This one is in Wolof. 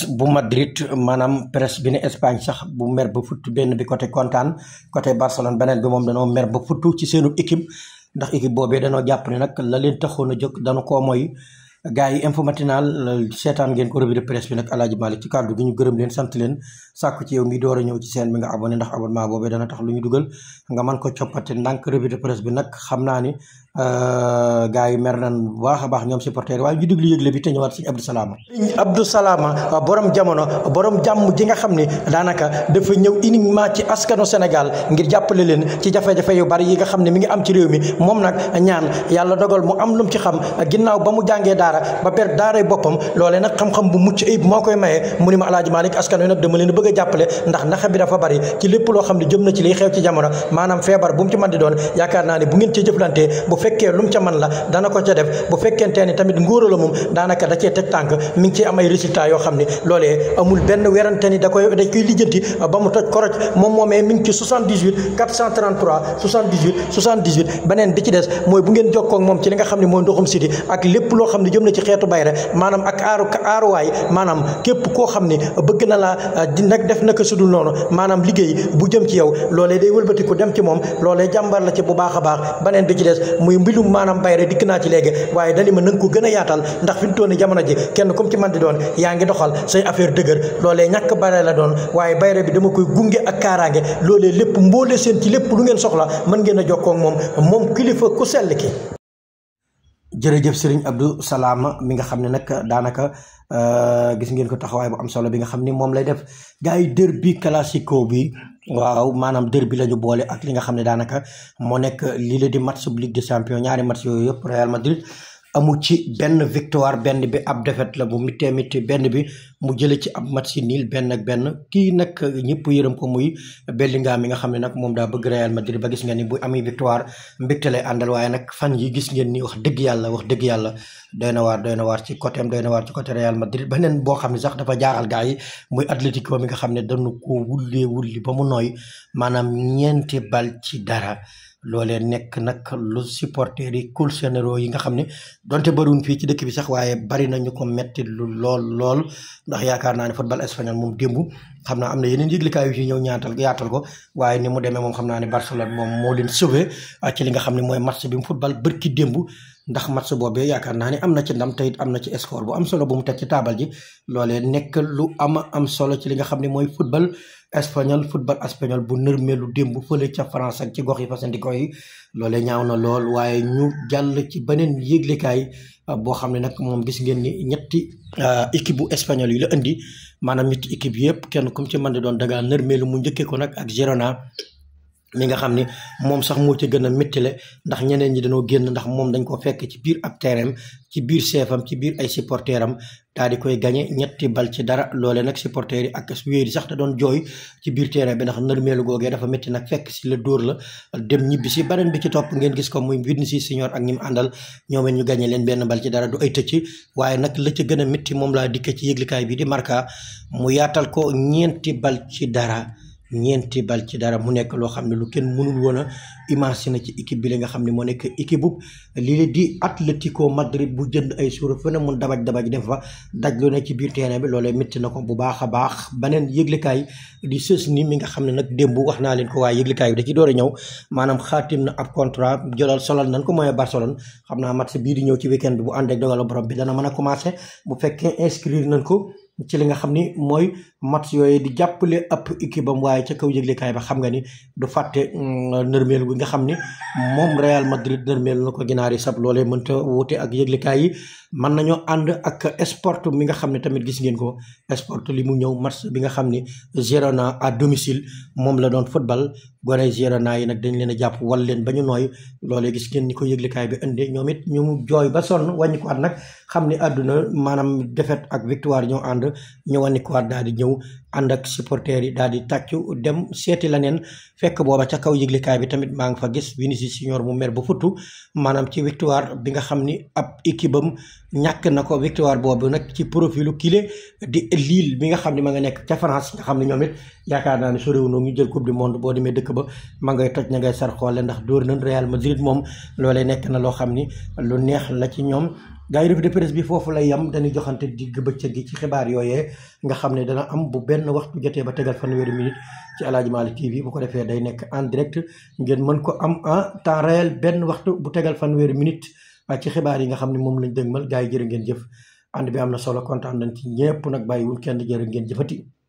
presse bu Madrid maanaam presse bi ne Espagne sax bu mer ba futt benn bi coté kontaan côté Barcelone beneen bi moom danoo mer ba futt ci seenu équipe ndax équipe boobe danoo jàpp ne nag la leen taxoon a jóg danu koo mooy gars yi info matinal seetaan ngeen ko revue de presse bi nag Alaaji Malick ci kàddu gi ñu gërëm leen sant leen sàkku ci yow mi door a ñëw ci seen bi nga abonné ndax abonnement boobee dana tax lu ñu dugal nga man ko coppate ndànk revue de presse bi nag xam naa ni Euh, gars yi mer nan bu baax a baax ñoom supporter waaye ñu déglu yëgle bi te ñëwaat sëñ Abdou Salama Abdou Salama borom jamono borom jàmm ji nga xam ne daanaka dafa ñëw uniquement ci askanu senegal ngir jàppale leen ci jafe-jafe yu bari yi nga xam ne mu ngi am ci réew mi moom nag ñaan yàlla dogal mu am lum ci xam ginnaaw ba mu jàngee daara ba per daaray boppam loolee nag xam-xam bu mucc ayib moo koy maye mu ni ma alaaji Malick askan wi nag dama leen bëgg a jàppale ndax naxa bi dafa bari lépp loo xam ne jëm na ci liy xew ci jamono maanaam feebar bu mu ci mën di doon yaakaar naa ne bu ngeen ci fekkee lu mu ca man la dana ko ca def bu fekkentee ni tamit nguur moom daanaka da cee teg tànk mi ngi ciy am ay résultats yoo xam ni loolee amul benn werante ni da koy da koy lijjanti ba mu toj koroj moom moomee mi ngi ci 78 433 78 78 beneen bi ci des mooy bu ngeen jokkoo moom ci li nga xam ne mooy ndoxum sidi ak lépp loo xam ne jëm na ci xeetu rek maanaam ak aaru aaruwaay maanaam képp koo xam ni bëgg na laa ah, di nag def naka sudul noonu maanaam liggéey bu jëm ci yow loolee day wëlbatiku dem ci moom loolee jàmbar la ci bu baax a baax beneen muy mbilum maanaam bayre dikk naa ci léegi waaye dalima ma nga ko gën a yaatal ndax fi mu toll jamono ji kenn comme ci man di doon yaa ngi doxal say affaire dëgër loolee ñàkk bare la doon waaye bayre bi dama koy gunge ak kaaraange loolee lépp mboole seen ci lépp lu ngeen soxla man ngeen a jokkoo moom moom kilifa ku sell ki jërëjëf Serigne Abdou Salama mi nga xam ne nag daanaka euh, gis ngeen ko taxawaay bu am solo bi nga xam ni moom lay def gars yi derby classico bi waaw maanaam derby la ñu boole ak li nga xam ne daanaka moo nekk lii la di match bu Ligue des Champions ñaari match yooyu yëpp Real Madrid. amu ci benn victoire benn bi ab défaite la mu mittee mitti benn bi mu jële ci ab match nil benn ak benn kii nag ñëpp yërëm ko muy Bellingham mi nga xam ne nag moom daa bëgg Real Madrid ba gis ngeen ni bu amee victoire mbégte lay àndal waaye nag fan yi gis ngeen ni wax dëgg yàlla wax dëgg yàlla doy na waar doy na waar ci côté am doy na waar ci côté Real Madrid beneen boo xam ne sax dafa jaaxal gars yi muy Atlético mi nga xam ne dañu ko wullee wulli ba mu nooy maanaam ñeenti bal ci dara loolee nekk nag lu supporters yi cool généraux yi nga xam ne donte bëriwuñ fii ci dëkk bi sax waaye bari ñu ko metti lu lool lool ndax yaakaar naa ne football espagnol moom démb xam naa am na yeneen yëglikaay yu ci ñëw ñaatal yaatal ko waaye ni mu demee moom xam naa ne Barcelone moom moo leen sauvé ah, li nga xam ne mooy match bi mu football bërki démb ndax match boobee yaakaar naa ne am na ci ndam te it am na ci score bu am solo bu mu teg ci taabal ji loolee nekk lu ama am solo ci li nga xam ne mooy football espagnol football espagnol bu nërmeelu démb fële ca France ak ci gox yi fasandikoo yi loole ñaaw na lool waaye ñu jàll ci beneen yëglekaay ah, boo xam ne nag moom gis ngeen ni ñetti ah, équipe bu espagnol yi la indi maanaam ñetti équipe yëpp kenn kum ci man di doon daga nërmeelu mu njëkkee ko nag ak Girona mi nga xam ne moom sax moo ci gën a méttile ndax ñeneen ñi dañoo génn ndax moom dañ ko fekk ci biir ab terrain ci biir seefam ci biir ay supporteram daal di koy gañe ñetti bal ci dara loole nag supporters yi ak wéer sax da doon jooy ci biir terrain bi ndax nërmeelu googee dafa métti nag fekk si la dóor la dem ñibbi si beneen bi ci topp ngeen gis ko muy si Junior ak ñi mu àndal ñoom ñu gañe leen benn bal ci dara du ay tëcc waaye nag la ca gën a métti moom laa dikk ci yëglikaay bi di marka mu yaatal ko ñeenti bal ci dara ñeenti bal ci dara mu nekk loo xam ne lu kenn mënul woon a na ci équipe bi la nga xam ne moo nekk équipe bu lii di Atlético Madrid bu jënd ay suura fu ne mun dabaj dabaj dem fa dajlu ne ci biir terrain bi loolee métti na ko bu baax a baax beneen yëglikaay di sës ni mi nga xam ne nag bu wax naa leen ko waaye yëglikaay bi da ci door a ñëw maanaam xaatim na ab contrat jolal solal nan ko mooy Barcelone xam naa match bii di ñëw ci weekend bi bu ànd ak borom bi dana mën a commencé bu fekkee inscrire nañ ko ci li nga xam ni mooy match yooyu di jàppale ab équipe am waaye ca kaw yëglekaay ba xam nga ni du fàtte mm, nërmeel bi nga xam ni moom Real Madrid nërmeel na ko ginaar yi sab loolee mënta wute ak yëglekaay yi mën nañoo ànd ak sport mi nga xam ne tamit gis ngeen ko sport li mu ñëw match bi nga xam ni Girona à domicile moom la doon football gorey naa yi nag dañu leen a jàpp wal leen ba ñu nooy loolee gis ngeen ni ko yëglikaay bi indi ñoom it ñu mu jooy ba sonn wàññikuwaat nag xam ne àdduna maanaam défaite ak victoire ñoo ànd ñu wàññikuwaat daal di ñëw ànd ak supporters yi daal di tàccu dem seeti la neen fekk booba ca kaw yëglikaay bi tamit maa ngi fa gis si Junior mu mer ba futtu maanaam ci victoire bi nga xam ni ab équipe am ñàkk na ko victoire boobu nag ci profilu kile di Lille bi nga xam ne ma nga nekk ca nga xam ne ñoom it yaakaar naa ne soriw noo ñu jël coupe du monde boo demee dëkk ba ma ngay toj na ngay sar xoole ndax dóor nañ Real Madrid moom loolee nekk na loo xam ni lu neex la ci ñoom gaa yi revue de presse bi foofu lay yam dañuy joxante digg bëccëg gi ci xibaar yooye nga xam ne dana am bu benn waxtu jotee ba tegal fanweeri minute ci Aladji Malick TV bu ko defee day nekk en direct ngeen mën ko am en temps benn waxtu bu tegal fan fanweeri minute ah, ci xibaar yi nga xam ne moom lañ dëgmal gaa yi jërë ngeen jëf ànd bi am na solo kontaan nañ ci ñëpp nag bàyyiwul kenn jër ngeen jëfati